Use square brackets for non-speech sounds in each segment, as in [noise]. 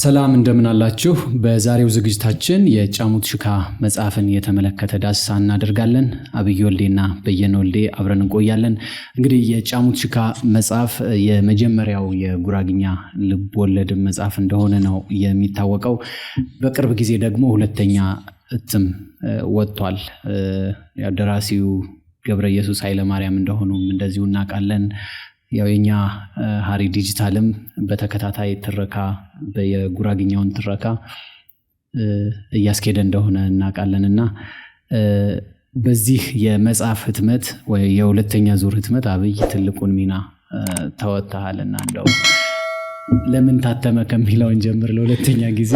ሰላም እንደምን አላችሁ። በዛሬው ዝግጅታችን የጫሙት ሽካ መጽሐፍን የተመለከተ ዳስሳ እናደርጋለን። አብይ ወልዴና በየነ ወልዴ አብረን እንቆያለን። እንግዲህ የጫሙት ሽካ መጽሐፍ የመጀመሪያው የጉራግኛ ልብ ወለድ መጽሐፍ እንደሆነ ነው የሚታወቀው። በቅርብ ጊዜ ደግሞ ሁለተኛ እትም ወጥቷል። ደራሲው ገብረ ኢየሱስ ኃይለማርያም እንደሆኑም እንደዚሁ እናውቃለን። ያው የኛ ሀሪ ዲጂታልም በተከታታይ ትረካ የጉራግኛውን ትረካ እያስኬደ እንደሆነ እናውቃለን እና በዚህ የመጽሐፍ ህትመት ወይ የሁለተኛ ዙር ህትመት አብይ ትልቁን ሚና እና እንደው ለምን ታተመ ከሚለውን ጀምር ለሁለተኛ ጊዜ።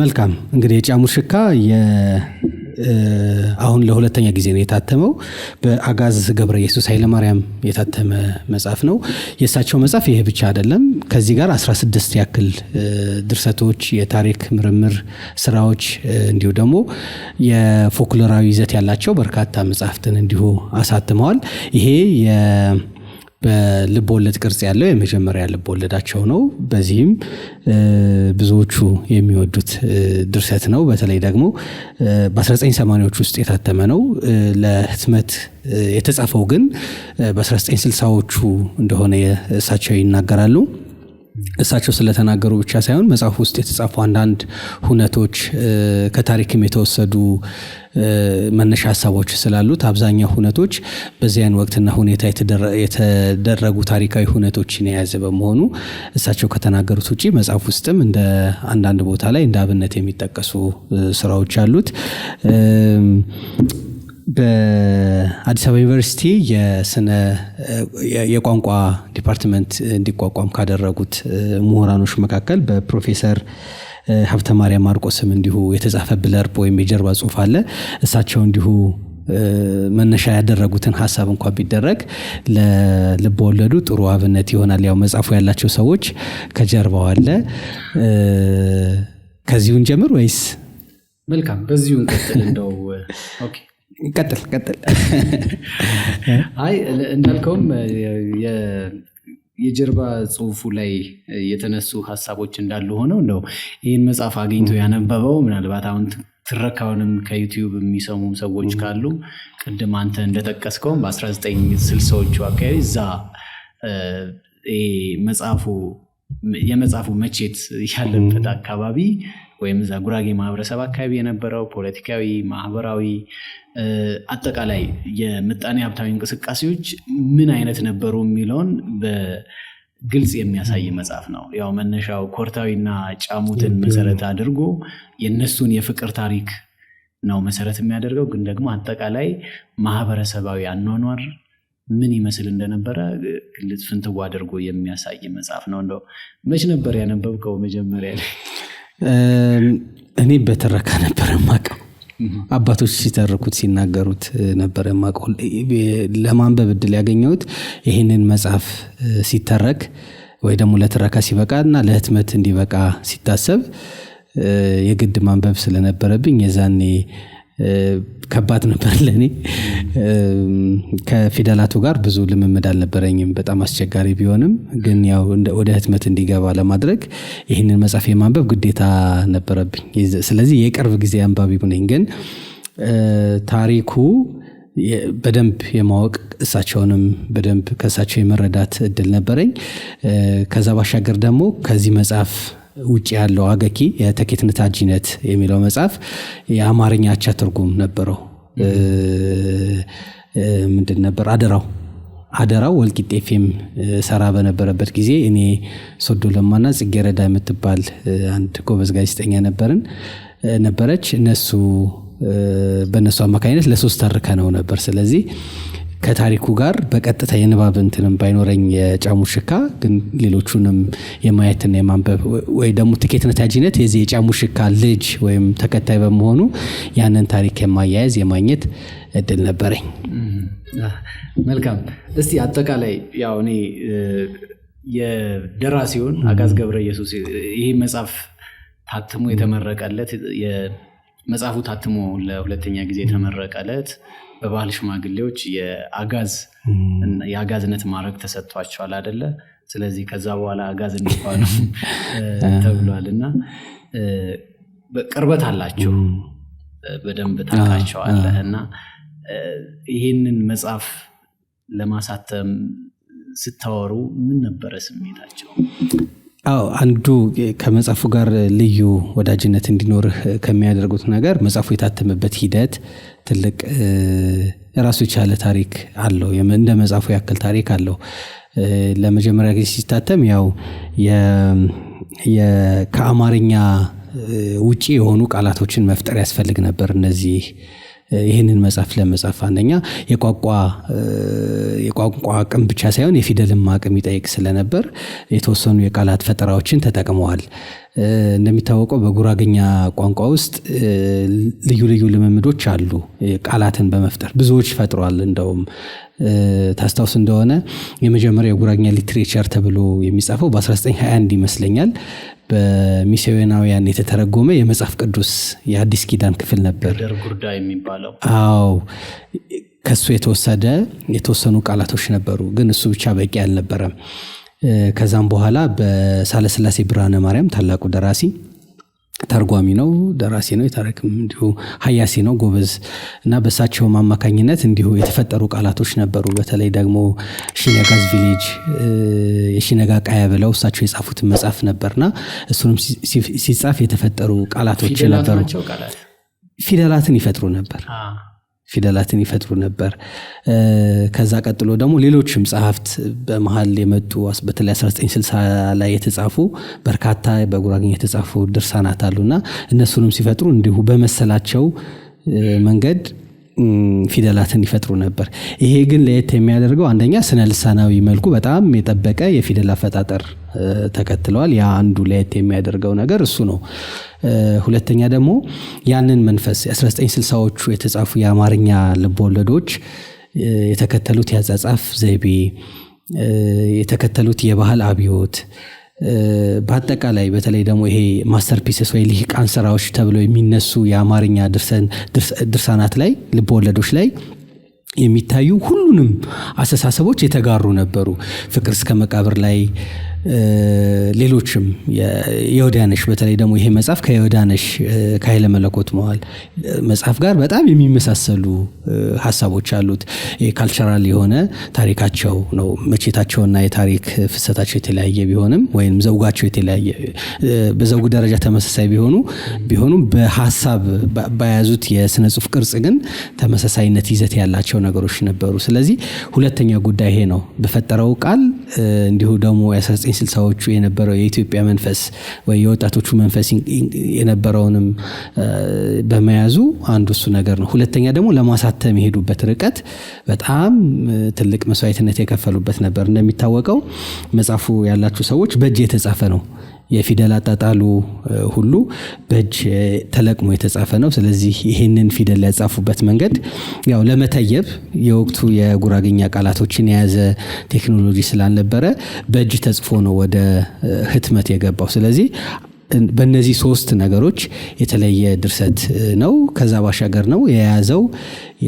መልካም እንግዲህ የጫሙ ሽካ አሁን ለሁለተኛ ጊዜ ነው የታተመው። በአጋዝ ገብረ ኢየሱስ ኃይለማርያም የታተመ መጽሐፍ ነው። የእሳቸው መጽሐፍ ይሄ ብቻ አይደለም። ከዚህ ጋር 16 ያክል ድርሰቶች፣ የታሪክ ምርምር ስራዎች እንዲሁ ደግሞ የፎክሎራዊ ይዘት ያላቸው በርካታ መጽሐፍትን እንዲሁ አሳትመዋል። ይሄ በልቦወለድ ቅርጽ ያለው የመጀመሪያ ልቦወለዳቸው ነው። በዚህም ብዙዎቹ የሚወዱት ድርሰት ነው። በተለይ ደግሞ በ1980ዎች ውስጥ የታተመ ነው። ለህትመት የተጻፈው ግን በ1960ዎቹ እንደሆነ እሳቸው ይናገራሉ። እሳቸው ስለተናገሩ ብቻ ሳይሆን መጽሐፍ ውስጥ የተጻፉ አንዳንድ ሁነቶች ከታሪክም የተወሰዱ መነሻ ሀሳቦች ስላሉት አብዛኛው ሁነቶች በዚያን ወቅትና ሁኔታ የተደረጉ ታሪካዊ ሁነቶችን የያዘ በመሆኑ እሳቸው ከተናገሩት ውጭ መጽሐፍ ውስጥም እንደ አንዳንድ ቦታ ላይ እንደ አብነት የሚጠቀሱ ስራዎች አሉት። በአዲስ አበባ ዩኒቨርሲቲ የስነ የቋንቋ ዲፓርትመንት እንዲቋቋም ካደረጉት ምሁራኖች መካከል በፕሮፌሰር ሀብተ ማርያም ማርቆስም እንዲሁ የተጻፈ ብለርብ ወይም የጀርባ ጽሁፍ አለ። እሳቸው እንዲሁ መነሻ ያደረጉትን ሀሳብ እንኳ ቢደረግ ለልበወለዱ ጥሩ አብነት ይሆናል። ያው መጽፉ ያላቸው ሰዎች ከጀርባው አለ። ከዚሁን ጀምር ወይስ መልካም፣ በዚሁ እንቀጥል እንደው [laughs] ቀጥል ቀጥል። አይ እንዳልከውም የጀርባ ጽሁፉ ላይ የተነሱ ሀሳቦች እንዳሉ ሆነው እንደው ይህን መጽሐፍ አግኝቶ ያነበበው ምናልባት አሁን ትረካውንም ከዩቲዩብ የሚሰሙ ሰዎች ካሉ ቅድም አንተ እንደጠቀስከውም በ1960ዎቹ አካባቢ እዛ መጽሐፉ የመጽሐፉ መቼት ያለበት አካባቢ ወይም እዛ ጉራጌ ማህበረሰብ አካባቢ የነበረው ፖለቲካዊ፣ ማህበራዊ፣ አጠቃላይ የምጣኔ ሀብታዊ እንቅስቃሴዎች ምን አይነት ነበሩ የሚለውን በግልጽ የሚያሳይ መጽሐፍ ነው። ያው መነሻው ኮርታዊና ጫሙትን መሰረት አድርጎ የእነሱን የፍቅር ታሪክ ነው መሰረት የሚያደርገው። ግን ደግሞ አጠቃላይ ማህበረሰባዊ አኗኗር ምን ይመስል እንደነበረ ግልጽ አድርጎ የሚያሳይ መጽሐፍ ነው። እንደው መች ነበር ያነበብከው መጀመሪያ ላይ? እኔ በትረካ ነበር ማቀ አባቶች ሲተርኩት ሲናገሩት ነበር ማቀ ለማንበብ እድል ያገኘሁት ይህንን መጽሐፍ ሲተረክ ወይ ደግሞ ለትረካ ሲበቃ እና ለህትመት እንዲበቃ ሲታሰብ የግድ ማንበብ ስለነበረብኝ የዛኔ ከባድ ነበር ለእኔ። ከፊደላቱ ጋር ብዙ ልምምድ አልነበረኝም። በጣም አስቸጋሪ ቢሆንም ግን ያው ወደ ህትመት እንዲገባ ለማድረግ ይህንን መጽሐፍ የማንበብ ግዴታ ነበረብኝ። ስለዚህ የቅርብ ጊዜ አንባቢ ነኝ። ግን ታሪኩ በደንብ የማወቅ እሳቸውንም በደንብ ከእሳቸው የመረዳት እድል ነበረኝ። ከዛ ባሻገር ደግሞ ከዚህ መጽሐፍ ውጭ ያለው አገኪ የተኬትነት አጂነት የሚለው መጽሐፍ የአማርኛ አቻ ትርጉም ነበረው። ምንድን ነበር አደራው አደራው ወልቂጤ ኤፍኤም ሰራ በነበረበት ጊዜ እኔ ሶዶ ለማና ጽጌረዳ የምትባል አንድ ጎበዝ ጋዜጠኛ ነበርን ነበረች እነሱ በእነሱ አማካኝነት ለሶስት ተርከ ነው ነበር ስለዚህ ከታሪኩ ጋር በቀጥታ የንባብ እንትንም ባይኖረኝ የጫሙ ሽካ ግን ሌሎቹንም የማየትና የማንበብ ወይ ደግሞ ትኬት ነታጅነት የዚህ የጫሙ ሽካ ልጅ ወይም ተከታይ በመሆኑ ያንን ታሪክ የማያያዝ የማግኘት እድል ነበረኝ። መልካም። እስቲ አጠቃላይ ያው እኔ ሲሆን አጋዝ ገብረ ኢየሱስ ይሄ መጽሐፍ ታትሞ የተመረቀለት መጽሐፉ ታትሞ ለሁለተኛ ጊዜ የተመረቀለት በባህል ሽማግሌዎች የአጋዝ የአጋዝነት ማድረግ ተሰጥቷቸዋል አደለ? ስለዚህ ከዛ በኋላ አጋዝ እንዲባሉ ተብሏል እና ቅርበት አላቸው በደንብ ታውቃቸዋለህ እና ይህንን መጽሐፍ ለማሳተም ስታወሩ ምን ነበረ ስሜታቸው? አዎ አንዱ ከመጽሐፉ ጋር ልዩ ወዳጅነት እንዲኖርህ ከሚያደርጉት ነገር መጽሐፉ የታተመበት ሂደት ትልቅ ራሱ የቻለ ታሪክ አለው። እንደ መጽሐፉ ያክል ታሪክ አለው። ለመጀመሪያ ጊዜ ሲታተም ያው ከአማርኛ ውጪ የሆኑ ቃላቶችን መፍጠር ያስፈልግ ነበር እነዚህ ይህንን መጽሐፍ ለመጻፍ አንደኛ የቋንቋ አቅም ብቻ ሳይሆን የፊደልም አቅም ይጠይቅ ስለነበር የተወሰኑ የቃላት ፈጠራዎችን ተጠቅመዋል። እንደሚታወቀው በጉራግኛ ቋንቋ ውስጥ ልዩ ልዩ ልምምዶች አሉ። ቃላትን በመፍጠር ብዙዎች ፈጥሯል። እንደውም ታስታውስ እንደሆነ የመጀመሪያ የጉራግኛ ሊትሬቸር ተብሎ የሚጻፈው በ1921 ይመስለኛል በሚስዮናውያን የተተረጎመ የመጽሐፍ ቅዱስ የአዲስ ኪዳን ክፍል ነበር። ጉርዳ የሚባለው አዎ፣ ከሱ የተወሰደ የተወሰኑ ቃላቶች ነበሩ፣ ግን እሱ ብቻ በቂ አልነበረም። ከዛም በኋላ በሳለስላሴ ብርሃነ ማርያም ታላቁ ደራሲ ተርጓሚ ነው፣ ደራሲ ነው፣ የታሪክም እንዲሁ ሀያሲ ነው ጎበዝ እና በእሳቸውም አማካኝነት እንዲሁ የተፈጠሩ ቃላቶች ነበሩ። በተለይ ደግሞ ሽነጋዝ ቪሌጅ የሽነጋ ቃያ ብለው እሳቸው የጻፉትን መጽሐፍ ነበርና እሱንም ሲጻፍ የተፈጠሩ ቃላቶች ነበሩ። ፊደላትን ይፈጥሩ ነበር። ፊደላትን ይፈጥሩ ነበር። ከዛ ቀጥሎ ደግሞ ሌሎችም ጸሐፍት በመሀል የመጡ በተለይ 1960 ላይ የተጻፉ በርካታ በጉራግኛ የተጻፉ ድርሳናት አሉና እነሱንም ሲፈጥሩ እንዲሁ በመሰላቸው መንገድ ፊደላትን ይፈጥሩ ነበር። ይሄ ግን ለየት የሚያደርገው አንደኛ ስነ ልሳናዊ መልኩ በጣም የጠበቀ የፊደል አፈጣጠር ተከትለዋል። ያ አንዱ ለየት የሚያደርገው ነገር እሱ ነው። ሁለተኛ ደግሞ ያንን መንፈስ 1960ዎቹ የተጻፉ የአማርኛ ልብወለዶች የተከተሉት የአጻጻፍ ዘይቤ የተከተሉት የባህል አብዮት በአጠቃላይ በተለይ ደግሞ ይሄ ማስተርፒስስ ወይ ልሂቃን ስራዎች ተብሎ የሚነሱ የአማርኛ ድርሳናት ላይ ልብወለዶች ላይ የሚታዩ ሁሉንም አስተሳሰቦች የተጋሩ ነበሩ። ፍቅር እስከ መቃብር ላይ ሌሎችም የዮዳነሽ በተለይ ደግሞ ይሄ መጽሐፍ ከዮዳነሽ ከኃይለ መለኮት መዋል መጽሐፍ ጋር በጣም የሚመሳሰሉ ሀሳቦች አሉት። ካልቸራል የሆነ ታሪካቸው ነው። መቼታቸውና የታሪክ ፍሰታቸው የተለያየ ቢሆንም ወይም ዘውጋቸው የተለያየ በዘውግ ደረጃ ተመሳሳይ ቢሆኑ ቢሆኑም በሀሳብ በያዙት የስነ ጽሁፍ ቅርጽ ግን ተመሳሳይነት ይዘት ያላቸው ነገሮች ነበሩ። ስለዚህ ሁለተኛ ጉዳይ ይሄ ነው በፈጠረው ቃል እንዲሁ ደግሞ 1960ዎቹ የነበረው የኢትዮጵያ መንፈስ ወይ የወጣቶቹ መንፈስ የነበረውንም በመያዙ አንዱ እሱ ነገር ነው። ሁለተኛ ደግሞ ለማሳተም የሄዱበት ርቀት በጣም ትልቅ መስዋዕትነት የከፈሉበት ነበር። እንደሚታወቀው መጽፉ ያላችሁ ሰዎች በእጅ የተጻፈ ነው። የፊደል አጣጣሉ ሁሉ በእጅ ተለቅሞ የተጻፈ ነው። ስለዚህ ይህንን ፊደል ያጻፉበት መንገድ ያው ለመተየብ የወቅቱ የጉራግኛ ቃላቶችን የያዘ ቴክኖሎጂ ስላልነበረ በእጅ ተጽፎ ነው ወደ ህትመት የገባው። ስለዚህ በእነዚህ ሶስት ነገሮች የተለየ ድርሰት ነው። ከዛ ባሻገር ነው የያዘው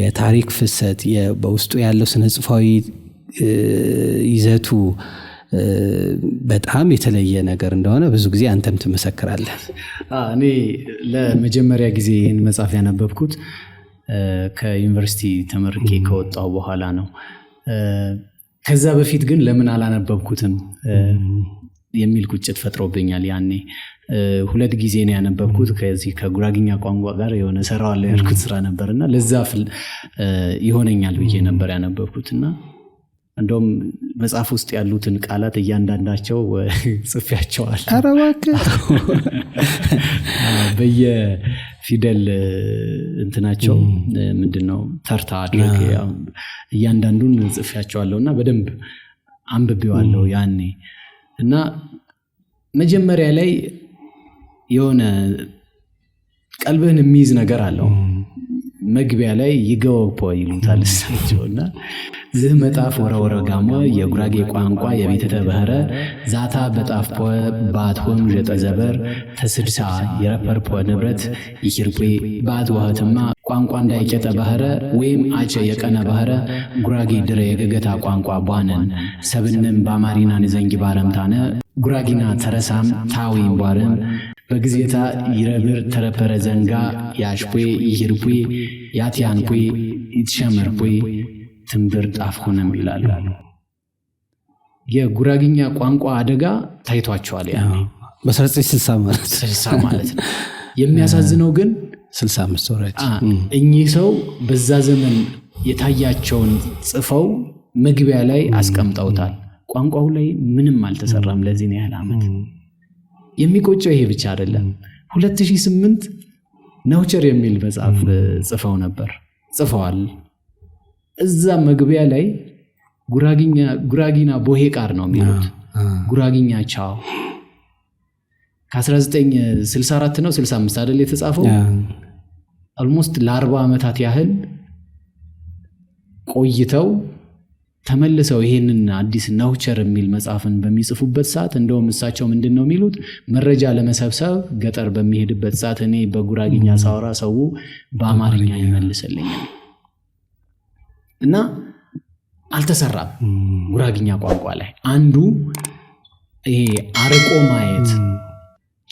የታሪክ ፍሰት በውስጡ ያለው ስነ ጽፋዊ ይዘቱ በጣም የተለየ ነገር እንደሆነ ብዙ ጊዜ አንተም ትመሰክራለህ። እኔ ለመጀመሪያ ጊዜ ይህን መጽሐፍ ያነበብኩት ከዩኒቨርሲቲ ተመርቄ ከወጣው በኋላ ነው። ከዛ በፊት ግን ለምን አላነበብኩትም የሚል ቁጭት ፈጥሮብኛል። ያኔ ሁለት ጊዜ ነው ያነበብኩት። ከዚህ ከጉራግኛ ቋንቋ ጋር የሆነ ሰራዋለሁ ያልኩት ስራ ነበርና ለዛ ይሆነኛል ብዬ ነበር ያነበብኩት እና እንደውም መጽሐፍ ውስጥ ያሉትን ቃላት እያንዳንዳቸው [laughs] ጽፌያቸዋል። አረባክ በየፊደል እንትናቸው ምንድነው ተርታ አድርግ እያንዳንዱን ጽፌያቸዋለሁ እና በደንብ አንብቤዋለሁ ያኔ እና መጀመሪያ ላይ የሆነ ቀልብህን የሚይዝ ነገር አለው። መግቢያ ላይ ይገወፖ ይሉታል እሳቸው እና ዝህ መጣፍ ወረወረ ጋሞ የጉራጌ ቋንቋ የቤተተ ባህረ ዛታ በጣፍፖ ባትሆም ዠጠ ዘበር ተስድሳ የረፐርፖ ንብረት ይኪርቤ ባት ዋህትማ ቋንቋ እንዳይጨጠ ባህረ ወይም አቸ የቀነ ባህረ ጉራጌ ድረ የገገታ ቋንቋ ቧንን ሰብንም በአማሪናን ዘንጊ ባረምታነ ጉራጊና ተረሳም ታዊም ቧርም በጊዜታ ይረብር ተረፐረ ዘንጋ ያሽኩ ይሂርኩ ያትያንኩ ይትሸመርኩ ትንብር ጣፍኩንም ይላሉ። የጉራግኛ ቋንቋ አደጋ ታይቷቸዋል። በ1960 ማለት ነው። [laughs] የሚያሳዝነው ግን እኚህ ሰው በዛ ዘመን የታያቸውን ጽፈው መግቢያ ላይ አስቀምጠውታል። ቋንቋው ላይ ምንም አልተሰራም። ለዚህ ነው ያህል ዓመት የሚቆጨው ይሄ ብቻ አይደለም። 2008 ነውቸር የሚል መጽሐፍ ጽፈው ነበር ጽፈዋል እዛ መግቢያ ላይ ጉራጊና ቦሄ ቃር ነው የሚሉት። ጉራጊኛ ቻው ከ1964 ነው 65 አደል የተጻፈው። አልሞስት ለ40 ዓመታት ያህል ቆይተው ተመልሰው ይሄንን አዲስ ናውቸር የሚል መጽሐፍን በሚጽፉበት ሰዓት እንደውም እሳቸው ምንድን ነው የሚሉት መረጃ ለመሰብሰብ ገጠር በሚሄድበት ሰዓት እኔ በጉራጊኛ ሳውራ ሰው በአማርኛ ይመልስልኛል። እና አልተሰራም። ጉራግኛ ቋንቋ ላይ አንዱ አርቆ ማየት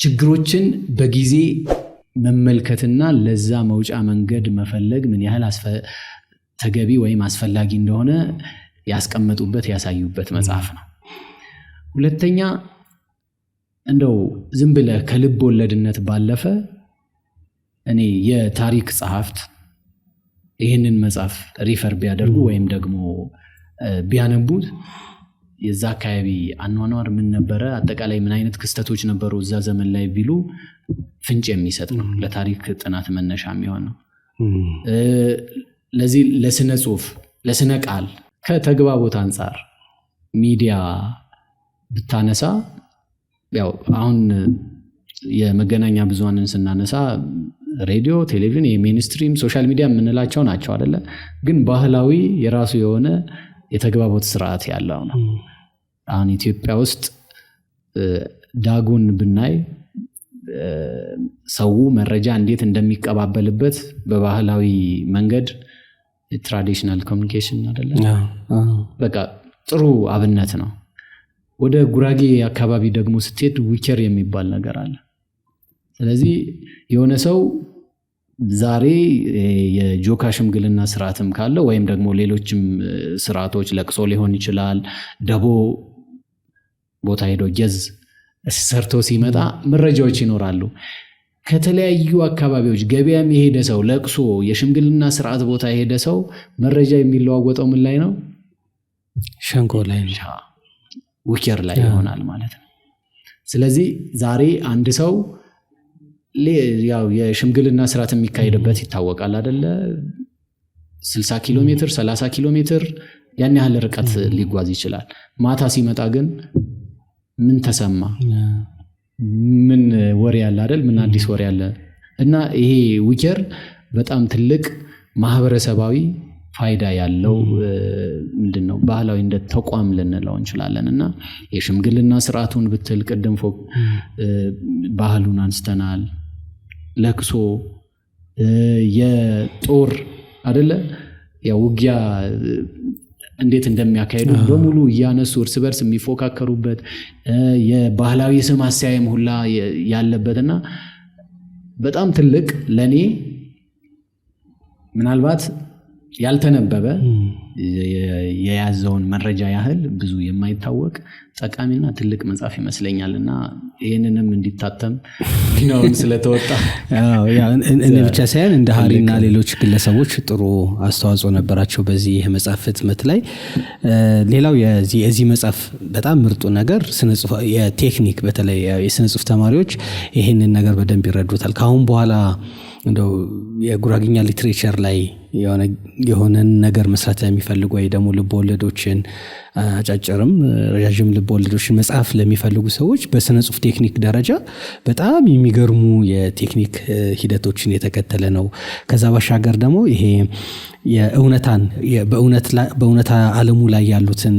ችግሮችን በጊዜ መመልከትና ለዛ መውጫ መንገድ መፈለግ ምን ያህል ተገቢ ወይም አስፈላጊ እንደሆነ ያስቀመጡበት ያሳዩበት መጽሐፍ ነው። ሁለተኛ እንደው ዝም ብለ ከልብ ወለድነት ባለፈ እኔ የታሪክ ጸሐፍት ይህንን መጽሐፍ ሪፈር ቢያደርጉ ወይም ደግሞ ቢያነቡት የዛ አካባቢ አኗኗር ምን ነበረ፣ አጠቃላይ ምን አይነት ክስተቶች ነበሩ እዛ ዘመን ላይ ቢሉ ፍንጭ የሚሰጥ ነው። ለታሪክ ጥናት መነሻ የሚሆን ነው። ለዚህ ለስነ ጽሁፍ፣ ለስነ ቃል ከተግባቦት አንጻር ሚዲያ ብታነሳ ያው አሁን የመገናኛ ብዙሃንን ስናነሳ ሬዲዮ፣ ቴሌቪዥን፣ የሚኒስትሪም ሶሻል ሚዲያ የምንላቸው ናቸው አይደለ? ግን ባህላዊ የራሱ የሆነ የተግባቦት ስርዓት ያለው ነው። አሁን ኢትዮጵያ ውስጥ ዳጉን ብናይ ሰው መረጃ እንዴት እንደሚቀባበልበት በባህላዊ መንገድ ትራዲሽናል ኮሚኒኬሽን አደለ? በቃ ጥሩ አብነት ነው። ወደ ጉራጌ አካባቢ ደግሞ ስትሄድ ዊኬር የሚባል ነገር አለ። ስለዚህ የሆነ ሰው ዛሬ የጆካ ሽምግልና ስርዓትም ካለ ወይም ደግሞ ሌሎችም ስርዓቶች ለቅሶ ሊሆን ይችላል። ደቦ ቦታ ሄዶ ጀዝ ሰርቶ ሲመጣ መረጃዎች ይኖራሉ። ከተለያዩ አካባቢዎች ገበያም የሄደ ሰው ለቅሶ፣ የሽምግልና ስርዓት ቦታ የሄደ ሰው መረጃ የሚለዋወጠው ምን ላይ ነው? ሸንኮ ላይ ውኬር ላይ ይሆናል ማለት ነው። ስለዚህ ዛሬ አንድ ሰው ያው የሽምግልና ስርዓት የሚካሄድበት ይታወቃል አደለ? 60 ኪሎ ሜትር 30 ኪሎ ሜትር ያን ያህል ርቀት ሊጓዝ ይችላል። ማታ ሲመጣ ግን ምን ተሰማ፣ ምን ወሬ ያለ አደል? ምን አዲስ ወሬ ያለ እና ይሄ ዊኬር በጣም ትልቅ ማህበረሰባዊ ፋይዳ ያለው ምንድን ነው ባህላዊ እንደ ተቋም ልንለው እንችላለን። እና የሽምግልና ስርዓቱን ብትል ቅድም ፎቅ ባህሉን አንስተናል። ለቅሶ የጦር አደለ ውጊያ እንዴት እንደሚያካሄዱ በሙሉ እያነሱ እርስ በርስ የሚፎካከሩበት የባህላዊ ስም አስያየም ሁላ ያለበት እና በጣም ትልቅ ለእኔ ምናልባት ያልተነበበ የያዘውን መረጃ ያህል ብዙ የማይታወቅ ጠቃሚና ትልቅ መጽሐፍ ይመስለኛል እና ይህንንም እንዲታተም ሚናውን [laughs] ስለተወጣ እኔ ብቻ ሳይሆን እንደ ሀሪና ሌሎች ግለሰቦች ጥሩ አስተዋጽኦ ነበራቸው በዚህ ይህ መጽሐፍ ህትመት ላይ። ሌላው የዚህ መጽሐፍ በጣም ምርጡ ነገር የቴክኒክ በተለይ የስነ ጽሁፍ ተማሪዎች ይህንን ነገር በደንብ ይረዱታል። ከአሁን በኋላ እንደው የጉራግኛ ሊትሬቸር ላይ የሆነን ነገር መስራት የሚፈልጉ ወይ ደግሞ ልቦወለዶችን አጫጭርም ረዣዥም ልቦወለዶችን መጽሐፍ ለሚፈልጉ ሰዎች በስነ ጽሁፍ ቴክኒክ ደረጃ በጣም የሚገርሙ የቴክኒክ ሂደቶችን የተከተለ ነው። ከዛ ባሻገር ደግሞ ይሄ የእውነታን በእውነታ አለሙ ላይ ያሉትን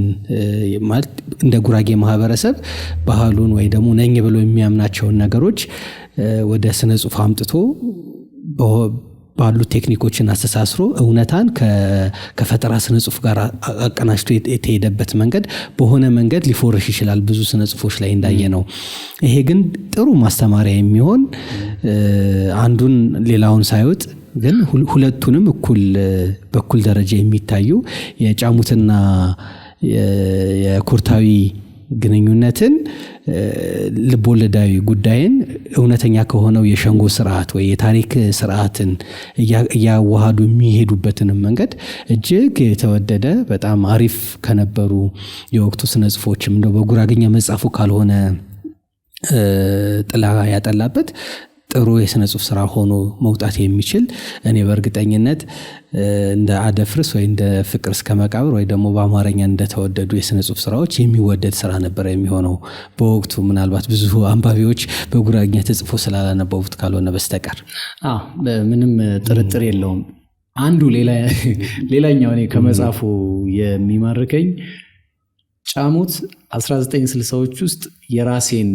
ማለት እንደ ጉራጌ ማህበረሰብ ባህሉን ወይ ደግሞ ነኝ ብሎ የሚያምናቸውን ነገሮች ወደ ስነ ጽሁፍ አምጥቶ ባሉ ቴክኒኮችን አስተሳስሮ እውነታን ከፈጠራ ስነ ጽሁፍ ጋር አቀናጅቶ የተሄደበት መንገድ በሆነ መንገድ ሊፎርሽ ይችላል፣ ብዙ ስነ ጽሁፎች ላይ እንዳየ ነው። ይሄ ግን ጥሩ ማስተማሪያ የሚሆን አንዱን ሌላውን ሳይወጥ ግን ሁለቱንም እኩል በኩል ደረጃ የሚታዩ የጫሙትና የኩርታዊ ግንኙነትን ልቦለዳዊ ጉዳይን እውነተኛ ከሆነው የሸንጎ ስርዓት ወይ የታሪክ ስርዓትን እያዋሃዱ የሚሄዱበትንም መንገድ እጅግ የተወደደ በጣም አሪፍ ከነበሩ የወቅቱ ስነ ጽሁፎችም እንደው በጉራግኛ መጻፉ ካልሆነ ጥላ ያጠላበት ጥሩ የስነ ጽሁፍ ስራ ሆኖ መውጣት የሚችል እኔ በእርግጠኝነት እንደ አደፍርስ ወይ እንደ ፍቅር እስከ መቃብር ወይ ደግሞ በአማርኛ እንደተወደዱ የስነ ጽሁፍ ስራዎች የሚወደድ ስራ ነበረ የሚሆነው በወቅቱ ምናልባት ብዙ አንባቢዎች በጉራኛ ተጽፎ ስላላነበቡት ካልሆነ በስተቀር ምንም ጥርጥር የለውም። አንዱ [laughs] ሌላኛው እኔ ከመጽሐፉ የሚማርከኝ ጫሙት 1960ዎች ውስጥ የራሴን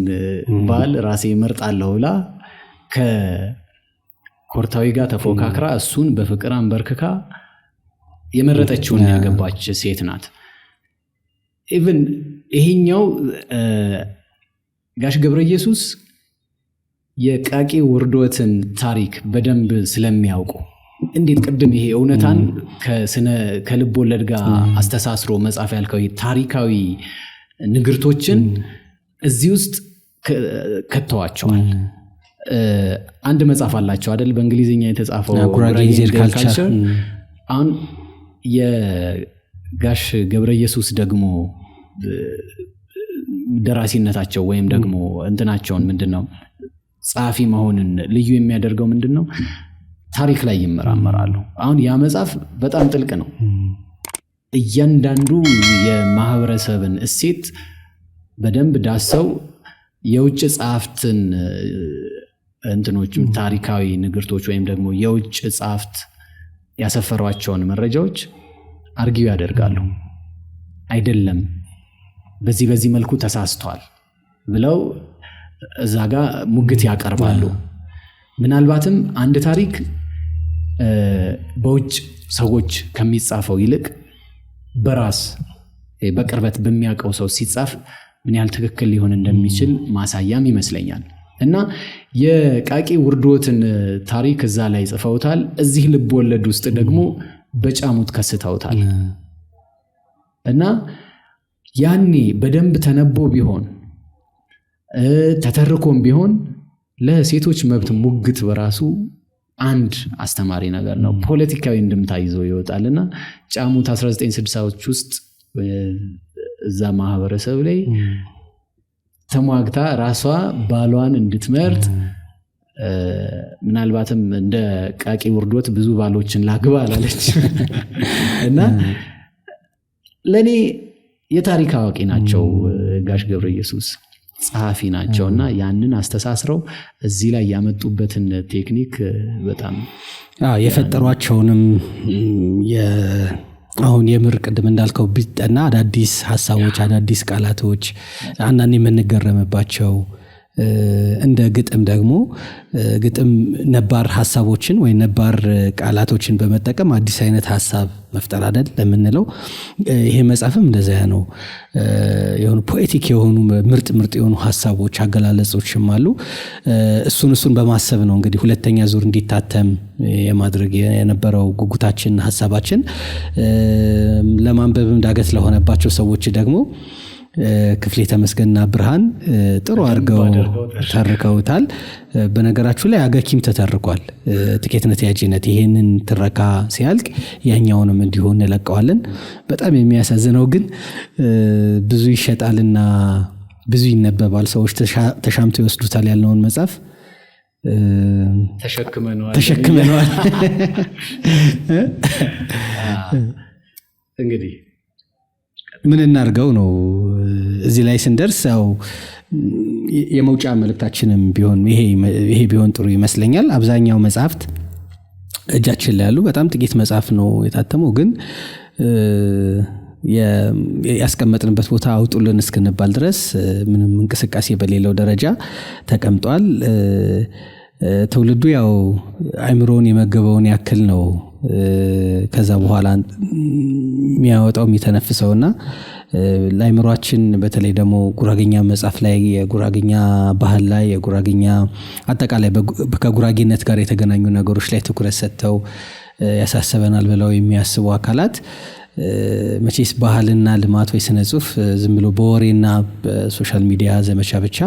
ባል ራሴ መርጣለሁ ብላ ከኮርታዊ ጋር ተፎካክራ እሱን በፍቅር አንበርክካ የመረጠችውን ያገባች ሴት ናት። ኢቨን ይሄኛው ጋሽ ገብረ ኢየሱስ የቃቂ ውርዶትን ታሪክ በደንብ ስለሚያውቁ እንዴት ቅድም ይሄ እውነታን ከልብ ወለድ ጋር አስተሳስሮ መጻፍ ያልከው ታሪካዊ ንግርቶችን እዚህ ውስጥ ከተዋቸዋል። አንድ መጽሐፍ አላቸው አደል በእንግሊዝኛ የተጻፈው ካልቸር አሁን የጋሽ ገብረ ኢየሱስ ደግሞ ደራሲነታቸው ወይም ደግሞ እንትናቸውን ምንድን ነው ጸሐፊ መሆንን ልዩ የሚያደርገው ምንድን ነው ታሪክ ላይ ይመራመራሉ አሁን ያ መጽሐፍ በጣም ጥልቅ ነው እያንዳንዱ የማህበረሰብን እሴት በደንብ ዳሰው የውጭ ጸሐፍትን እንትኖችም ታሪካዊ ንግርቶች ወይም ደግሞ የውጭ ጻፍት ያሰፈሯቸውን መረጃዎች አርጊው ያደርጋሉ። አይደለም በዚህ በዚህ መልኩ ተሳስቷል ብለው እዛ ጋ ሙግት ያቀርባሉ። ምናልባትም አንድ ታሪክ በውጭ ሰዎች ከሚጻፈው ይልቅ በራስ በቅርበት በሚያውቀው ሰው ሲጻፍ ምን ያህል ትክክል ሊሆን እንደሚችል ማሳያም ይመስለኛል። እና የቃቂ ውርዶትን ታሪክ እዛ ላይ ጽፈውታል። እዚህ ልብ ወለድ ውስጥ ደግሞ በጫሙት ከስተውታል። እና ያኔ በደንብ ተነቦ ቢሆን ተተርኮም ቢሆን ለሴቶች መብት ሙግት በራሱ አንድ አስተማሪ ነገር ነው። ፖለቲካዊ እንድምታ ይዞ ይወጣልና ጫሙት 1960ዎች ውስጥ እዛ ማህበረሰብ ላይ ተሟግታ ራሷ ባሏን እንድትመርጥ ምናልባትም እንደ ቃቂ ውርዶት ብዙ ባሎችን ላግባ አላለች [laughs] እና ለእኔ የታሪክ አዋቂ ናቸው ጋሽ ገብረ ኢየሱስ ጸሐፊ ናቸው እና ያንን አስተሳስረው እዚህ ላይ ያመጡበትን ቴክኒክ በጣም የፈጠሯቸውንም አሁን የምር ቅድም እንዳልከው ቢጠና አዳዲስ ሀሳቦች፣ አዳዲስ ቃላቶች አንዳንድ የምንገረምባቸው እንደ ግጥም ደግሞ ግጥም ነባር ሀሳቦችን ወይ ነባር ቃላቶችን በመጠቀም አዲስ አይነት ሀሳብ መፍጠር አይደል ለምንለው ይሄ መጽሐፍም እንደዚያ ነው። የሆኑ ፖኤቲክ የሆኑ ምርጥ ምርጥ የሆኑ ሀሳቦች አገላለጾችም አሉ። እሱን እሱን በማሰብ ነው እንግዲህ ሁለተኛ ዙር እንዲታተም የማድረግ የነበረው ጉጉታችን ሀሳባችን ለማንበብም ዳገት ለሆነባቸው ሰዎች ደግሞ ክፍሌ ተመስገንና ብርሃን ጥሩ አድርገው ተርከውታል። በነገራችሁ ላይ አገኪም ተተርኳል። ትኬትነት ያጅነት ይህንን ትረካ ሲያልቅ ያኛውንም እንዲሁ እንለቀዋለን። በጣም የሚያሳዝነው ግን ብዙ ይሸጣልና ብዙ ይነበባል። ሰዎች ተሻምተው ይወስዱታል ያልነውን መጽሐፍ ተሸክመነዋል። [laughs] እንግዲህ ምን እናርገው ነው እዚህ ላይ ስንደርስ ያው የመውጫ መልእክታችንም ቢሆን ይሄ ቢሆን ጥሩ ይመስለኛል። አብዛኛው መጽሐፍት እጃችን ላይ ያሉ በጣም ጥቂት መጽሐፍ ነው የታተመው፣ ግን ያስቀመጥንበት ቦታ አውጡልን እስክንባል ድረስ ምንም እንቅስቃሴ በሌለው ደረጃ ተቀምጧል። ትውልዱ ያው አይምሮውን የመገበውን ያክል ነው ከዛ በኋላ የሚያወጣው የሚተነፍሰው እና ለአይምሯችን በተለይ ደግሞ ጉራገኛ መጽሐፍ ላይ የጉራገኛ ባህል ላይ የጉራገኛ አጠቃላይ ከጉራጌነት ጋር የተገናኙ ነገሮች ላይ ትኩረት ሰጥተው ያሳሰበናል ብለው የሚያስቡ አካላት መቼስ ባህልና ልማት ወይ ስነ ጽሁፍ ዝም ብሎ በወሬና በሶሻል ሚዲያ ዘመቻ ብቻ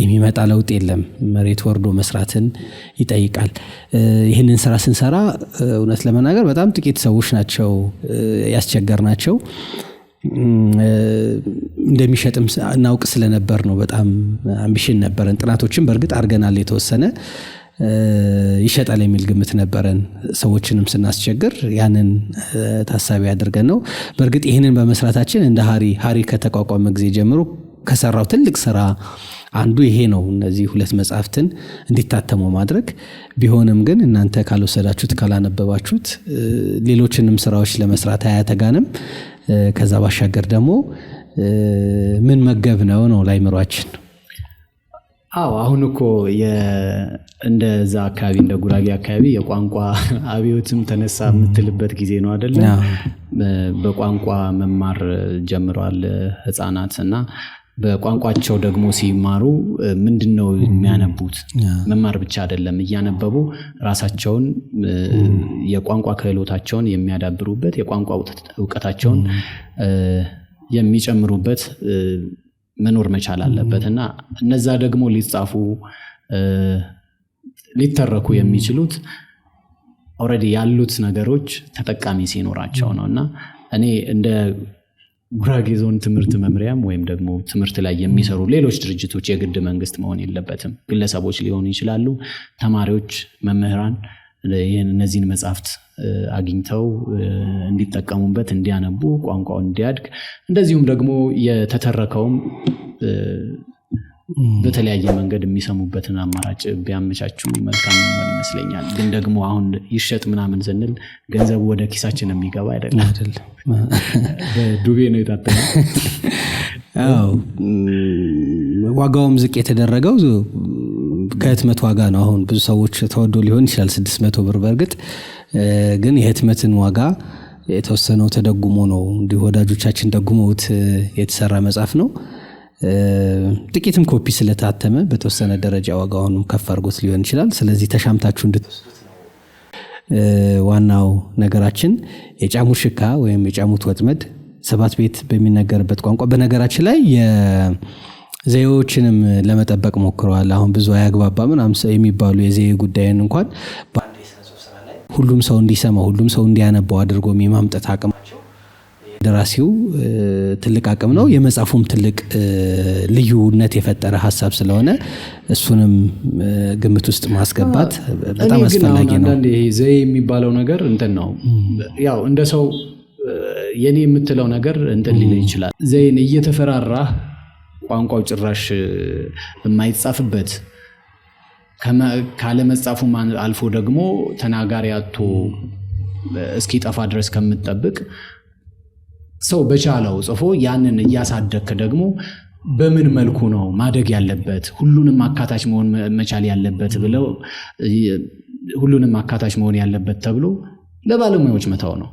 የሚመጣ ለውጥ የለም። መሬት ወርዶ መስራትን ይጠይቃል። ይህንን ስራ ስንሰራ እውነት ለመናገር በጣም ጥቂት ሰዎች ናቸው ያስቸገር ናቸው። እንደሚሸጥም እናውቅ ስለነበር ነው። በጣም አምቢሽን ነበረን። ጥናቶችን በእርግጥ አድርገናል የተወሰነ ይሸጣል የሚል ግምት ነበረን። ሰዎችንም ስናስቸግር ያንን ታሳቢ አድርገን ነው። በእርግጥ ይህንን በመስራታችን እንደ ሀሪ ሀሪ ከተቋቋመ ጊዜ ጀምሮ ከሰራው ትልቅ ስራ አንዱ ይሄ ነው። እነዚህ ሁለት መጽሐፍትን እንዲታተሙ ማድረግ ቢሆንም ግን እናንተ ካልወሰዳችሁት ካላነበባችሁት፣ ሌሎችንም ስራዎች ለመስራት አያተጋንም። ከዛ ባሻገር ደግሞ ምን መገብ ነው ነው ላይምሯችን አዎ አሁን እኮ እንደዛ አካባቢ እንደ ጉራጌ አካባቢ የቋንቋ [laughs] አብዮትም ተነሳ የምትልበት ጊዜ ነው አይደለ? በቋንቋ መማር ጀምረዋል ህፃናት እና በቋንቋቸው ደግሞ ሲማሩ ምንድን ነው የሚያነቡት? መማር ብቻ አይደለም፣ እያነበቡ ራሳቸውን የቋንቋ ክህሎታቸውን የሚያዳብሩበት የቋንቋ እውቀታቸውን የሚጨምሩበት መኖር መቻል አለበት እና እነዛ ደግሞ ሊጻፉ ሊተረኩ የሚችሉት ኦረዲ ያሉት ነገሮች ተጠቃሚ ሲኖራቸው ነው እና እኔ እንደ ጉራጌ ዞን ትምህርት መምሪያም ወይም ደግሞ ትምህርት ላይ የሚሰሩ ሌሎች ድርጅቶች የግድ መንግስት መሆን የለበትም። ግለሰቦች ሊሆኑ ይችላሉ፣ ተማሪዎች፣ መምህራን እነዚህን መጽሐፍት አግኝተው እንዲጠቀሙበት እንዲያነቡ ቋንቋው እንዲያድግ እንደዚሁም ደግሞ የተተረከውም በተለያየ መንገድ የሚሰሙበትን አማራጭ ቢያመቻቹ መልካም ይመስለኛል። ግን ደግሞ አሁን ይሸጥ ምናምን ስንል ገንዘቡ ወደ ኪሳችን የሚገባ አይደለም። ነው የታተመው። ዋጋውም ዝቅ የተደረገው ከህትመት ዋጋ ነው። አሁን ብዙ ሰዎች ተወዶ ሊሆን ይችላል ስድስት መቶ ብር በእርግጥ ግን የህትመትን ዋጋ የተወሰነው ተደጉሞ ነው እንዲሁ ወዳጆቻችን ደጉመውት የተሰራ መጽሐፍ ነው። ጥቂትም ኮፒ ስለታተመ በተወሰነ ደረጃ ዋጋ አሁንም ከፍ አድርጎት ሊሆን ይችላል። ስለዚህ ተሻምታችሁ እንድትወስዱት ዋናው ነገራችን የጫሙት ሽካ ወይም የጫሙት ወጥመድ ሰባት ቤት በሚነገርበት ቋንቋ በነገራችን ላይ ዘዬዎችንም ለመጠበቅ ሞክረዋል። አሁን ብዙ አያግባባ ምናምን የሚባሉ የዘዬ ጉዳይን እንኳን ሁሉም ሰው እንዲሰማ ሁሉም ሰው እንዲያነባው አድርጎ የማምጠት አቅማቸው ደራሲው ትልቅ አቅም ነው። የመጽሐፉም ትልቅ ልዩነት የፈጠረ ሀሳብ ስለሆነ እሱንም ግምት ውስጥ ማስገባት በጣም አስፈላጊ ነው። ዘዬ የሚባለው ነገር እንትን ነው ያው እንደ ሰው የኔ የምትለው ነገር እንትን ሊል ይችላል። ዘዬን እየተፈራራህ ቋንቋው ጭራሽ የማይጻፍበት ካለመጻፉ አልፎ ደግሞ ተናጋሪ አቶ እስኪጠፋ ድረስ ከምጠብቅ ሰው በቻለው ጽፎ ያንን እያሳደግክ ደግሞ በምን መልኩ ነው ማደግ ያለበት ሁሉንም አካታች መሆን መቻል ያለበት ብለው ሁሉንም አካታች መሆን ያለበት ተብሎ ለባለሙያዎች መታው ነው።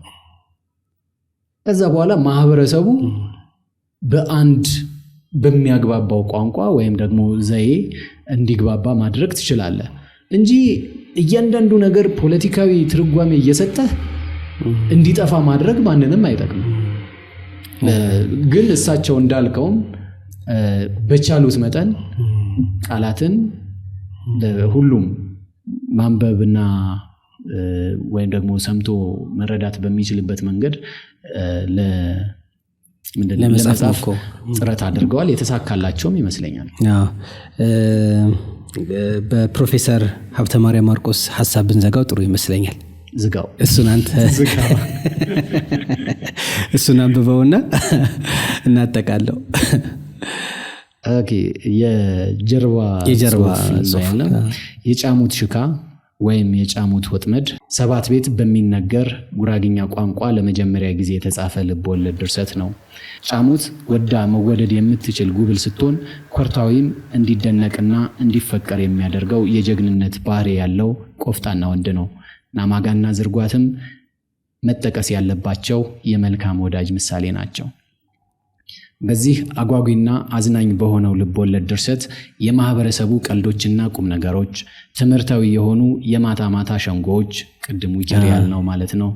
ከዛ በኋላ ማህበረሰቡ በአንድ በሚያግባባው ቋንቋ ወይም ደግሞ ዘዬ እንዲግባባ ማድረግ ትችላለህ እንጂ እያንዳንዱ ነገር ፖለቲካዊ ትርጓሜ እየሰጠህ እንዲጠፋ ማድረግ ማንንም አይጠቅም። ግን እሳቸው እንዳልከውም በቻሉት መጠን ቃላትን ሁሉም ማንበብና ወይም ደግሞ ሰምቶ መረዳት በሚችልበት መንገድ ለመጻፍ ጥረት አድርገዋል። የተሳካላቸውም ይመስለኛል። በፕሮፌሰር ማርያ ማርቆስ ሀሳብ ብንዘጋው ጥሩ ይመስለኛል። ዝጋው። እሱን አንተ [laughs] [laughs] እሱን አንብበውና እናጠቃለው። የጀርባ የጫሙት ሽካ ወይም የጫሙት ወጥመድ ሰባት ቤት በሚነገር ጉራግኛ ቋንቋ ለመጀመሪያ ጊዜ የተጻፈ ልብ ወለድ ድርሰት ነው። ጫሙት ወዳ መወደድ የምትችል ጉብል ስትሆን ኮርታዊም እንዲደነቅና እንዲፈቀር የሚያደርገው የጀግንነት ባህሪ ያለው ቆፍጣና ወንድ ነው። ናማጋና ዝርጓትም መጠቀስ ያለባቸው የመልካም ወዳጅ ምሳሌ ናቸው። በዚህ አጓጊና አዝናኝ በሆነው ልቦለድ ድርሰት የማህበረሰቡ ቀልዶችና ቁም ነገሮች፣ ትምህርታዊ የሆኑ የማታ ማታ ሸንጎዎች፣ ቅድሙ ጀሪያል ነው ማለት ነው፣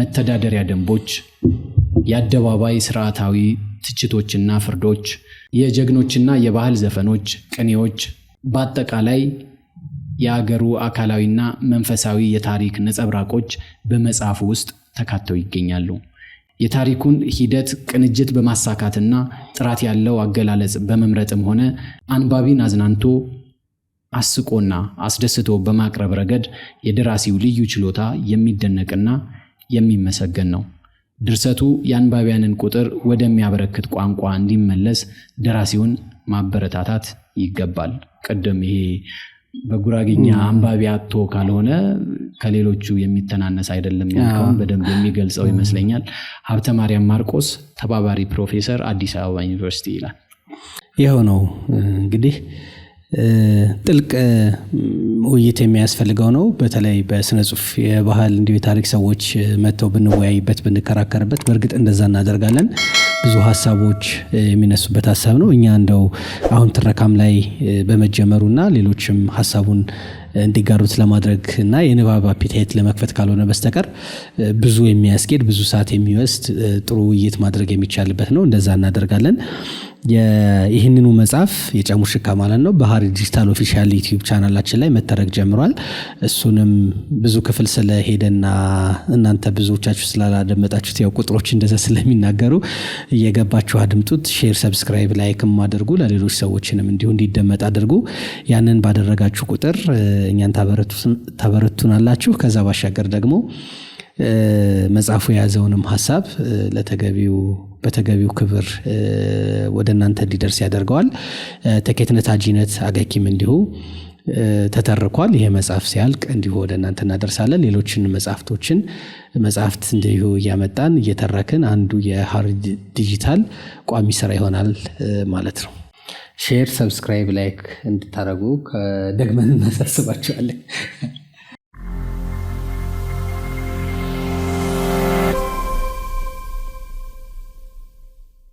መተዳደሪያ ደንቦች፣ የአደባባይ ስርዓታዊ ትችቶችና ፍርዶች፣ የጀግኖችና የባህል ዘፈኖች፣ ቅኔዎች፣ በአጠቃላይ የአገሩ አካላዊና መንፈሳዊ የታሪክ ነጸብራቆች በመጽሐፉ ውስጥ ተካተው ይገኛሉ። የታሪኩን ሂደት ቅንጅት በማሳካትና ጥራት ያለው አገላለጽ በመምረጥም ሆነ አንባቢን አዝናንቶ አስቆና አስደስቶ በማቅረብ ረገድ የደራሲው ልዩ ችሎታ የሚደነቅና የሚመሰገን ነው። ድርሰቱ የአንባቢያንን ቁጥር ወደሚያበረክት ቋንቋ እንዲመለስ ደራሲውን ማበረታታት ይገባል። ቅድም ይሄ በጉራጌኛ አንባቢ አቶ ካልሆነ ከሌሎቹ የሚተናነስ አይደለም ያልከውን በደንብ የሚገልጸው ይመስለኛል። ሀብተ ማርያም ማርቆስ ተባባሪ ፕሮፌሰር አዲስ አበባ ዩኒቨርሲቲ ይላል። ይኸው ነው እንግዲህ ጥልቅ ውይይት የሚያስፈልገው ነው። በተለይ በስነ ጽሁፍ የባህል እንዲሁ የታሪክ ሰዎች መጥተው ብንወያይበት ብንከራከርበት፣ በእርግጥ እንደዛ እናደርጋለን። ብዙ ሀሳቦች የሚነሱበት ሀሳብ ነው። እኛ እንደው አሁን ትረካም ላይ በመጀመሩ እና ሌሎችም ሀሳቡን እንዲጋሩት ለማድረግ እና የንባብ አፒታይት ለመክፈት ካልሆነ በስተቀር ብዙ የሚያስጌድ ብዙ ሰዓት የሚወስድ ጥሩ ውይይት ማድረግ የሚቻልበት ነው። እንደዛ እናደርጋለን። ይህንኑ መጽሐፍ የጨሙር ሽካ ማለት ነው ባህር ዲጂታል ኦፊሻል ዩቲዩብ ቻናላችን ላይ መተረግ ጀምሯል። እሱንም ብዙ ክፍል ስለሄደና እናንተ ብዙዎቻችሁ ስላላደመጣችሁት ያው ቁጥሮች እንደዛ ስለሚናገሩ እየገባችሁ አድምጡት። ሼር፣ ሰብስክራይብ፣ ላይክም አድርጉ። ለሌሎች ሰዎችንም እንዲሁ እንዲደመጥ አድርጉ። ያንን ባደረጋችሁ ቁጥር እኛን ታበረቱናላችሁ። ከዛ ባሻገር ደግሞ መጽሐፉ የያዘውንም ሀሳብ ለተገቢው በተገቢው ክብር ወደ እናንተ እንዲደርስ ያደርገዋል። ተኬትነት አጂነት አገኪም እንዲሁ ተተርኳል። ይሄ መጽሐፍ ሲያልቅ እንዲሁ ወደ እናንተ እናደርሳለን። ሌሎችን መጽሐፍቶችን መጽሐፍት እንዲሁ እያመጣን እየተረክን አንዱ የሐረሪ ዲጂታል ቋሚ ስራ ይሆናል ማለት ነው። ሼር፣ ሰብስክራይብ፣ ላይክ እንድታደረጉ ደግመን እናሳስባቸዋለን።